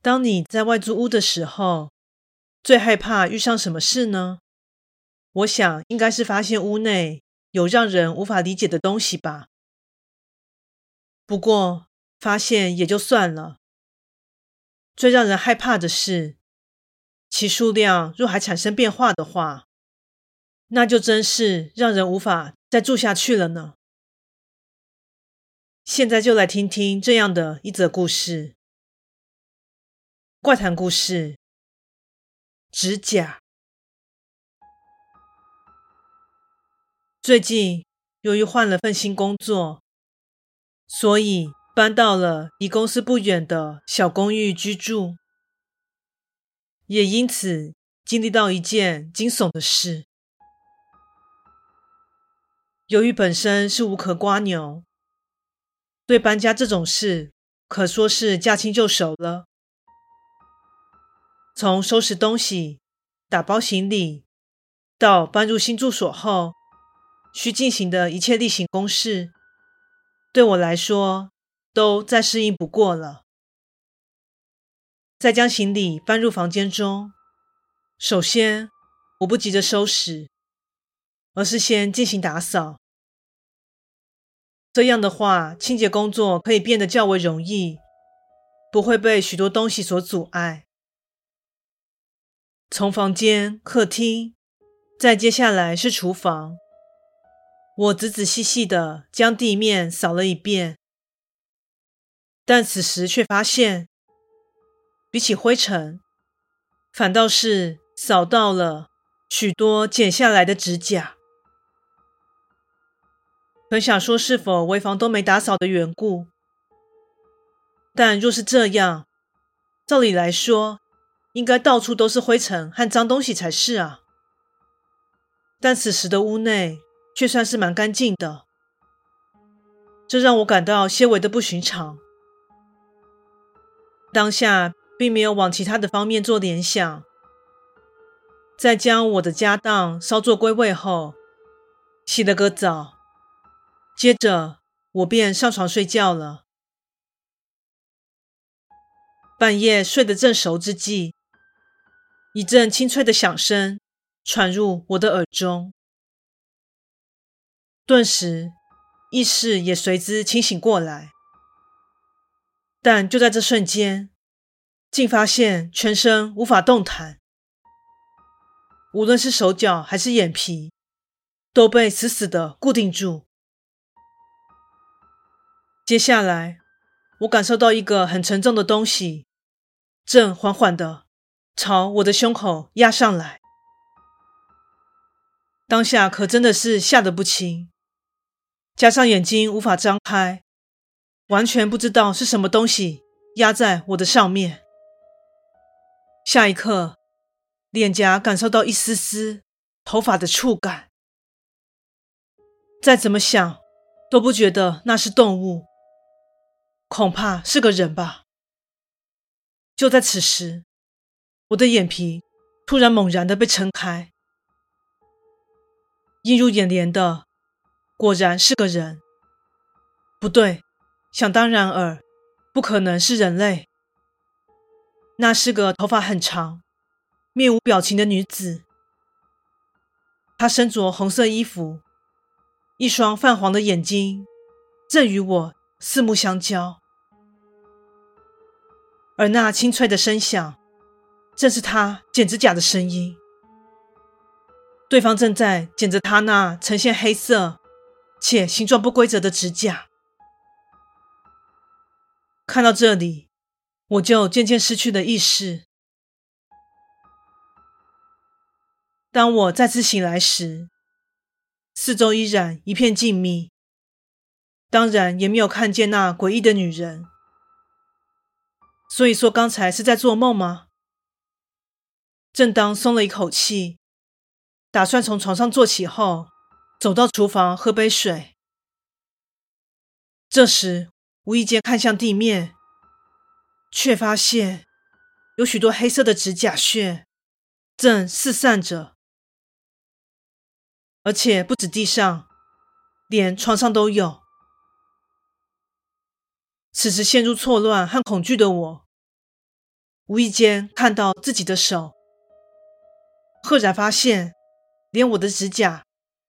當你在外租屋的時候，最害怕遇上什麼事呢？我想應該是發現屋內有讓人無法理解的東西吧。不過發現也就算了，最讓人害怕的是，其數量若還產生變化的話，那就真是讓人無法再住下去了呢。現在就來聽聽這樣的一則故事。怪談故事：指甲。最近由於換了份新工作，所以搬到了離公司不遠的小公寓居住，也因此經歷到一件驚悚的事。由於本身是無殼蝸牛，對搬家這種事可說是駕輕就熟了。從收拾東西、打包行李到搬入新住所後需進行的一切例行公事，對我來說都再適應不過了。在將行李搬入房間中，首先我不急着收拾，而是先進行打掃。這樣的話，清潔工作可以變得較為容易，不會被許多東西所阻礙。從房間、客廳，再接下來是廚房，我仔仔細細的將地面掃了一遍，但此時卻發現，比起灰塵，反倒是掃到了許多剪下來的指甲。很想說是否為房東沒打掃的緣故，但若是這樣，照理來說，應該到處都是灰塵和髒東西才是啊，但此時的屋內卻算是蠻乾淨的，這讓我感到些微的不尋常。當下並沒有往其他的方面做聯想，在將我的家當稍作歸位後，洗了個澡，接着我便上床睡覺了。半夜睡得正熟之際。一陣清脆的響聲傳入我的耳中，頓時意識也隨之清醒過來。但就在這瞬間，竟發現全身無法動彈，無論是手腳還是眼皮，都被死死地固定住。接下來，我感受到一個很沉重的東西正緩緩地。朝我的胸口壓上來，當下可真的是嚇得不輕，加上眼睛無法張開，完全不知道是什麼東西壓在我的上面。下一刻，臉頰感受到一絲絲頭髮的觸感，再怎麼想都不覺得那是動物，恐怕是個人吧。就在此時。我的眼皮突然猛然地被撐開，映入眼簾的果然是個人。不對，想當然耳，不可能是人類。那是個頭髮很長、面無表情的女子，她身着紅色衣服，一雙泛黃的眼睛正與我四目相交，而那清脆的聲響。正是她剪指甲的聲音。對方正在剪着她那呈現黑色且形狀不規則的指甲。看到這裡，我就漸漸失去了意識。當我再次醒來時，四周依然一片靜謐，當然也沒有看見那詭異的女人。所以說，剛才是在做夢嗎？正當鬆了一口氣，打算從床上坐起後，走到廚房喝杯水。這時，無意間看向地面，却發現有許多黑色的指甲屑正四散着，而且不止地上，連床上都有。此時陷入錯亂和恐懼的我，無意間看到自己的手。赫然發現，連我的指甲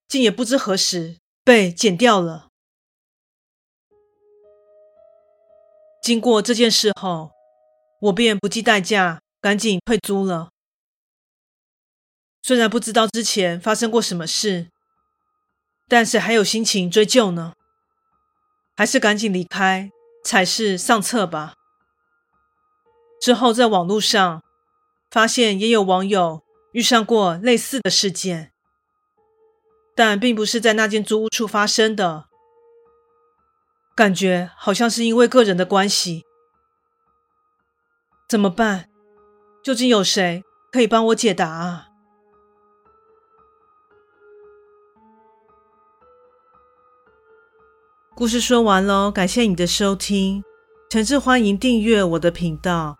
竟也不知何時被剪掉了。經過這件事後，我便不計代價趕緊退租了。雖然不知道之前發生過什麼事，但是還有心情追究呢？還是趕緊離開才是上策吧。之後在網絡上發現，也有網友。遇上過類似的事件，但並不是在那間租屋處發生的，感覺好像是因為個人的關係。怎麼辦？究竟有誰可以幫我解答啊？故事說完嘍，感謝你的收聽，誠摯歡迎訂閱我的頻道。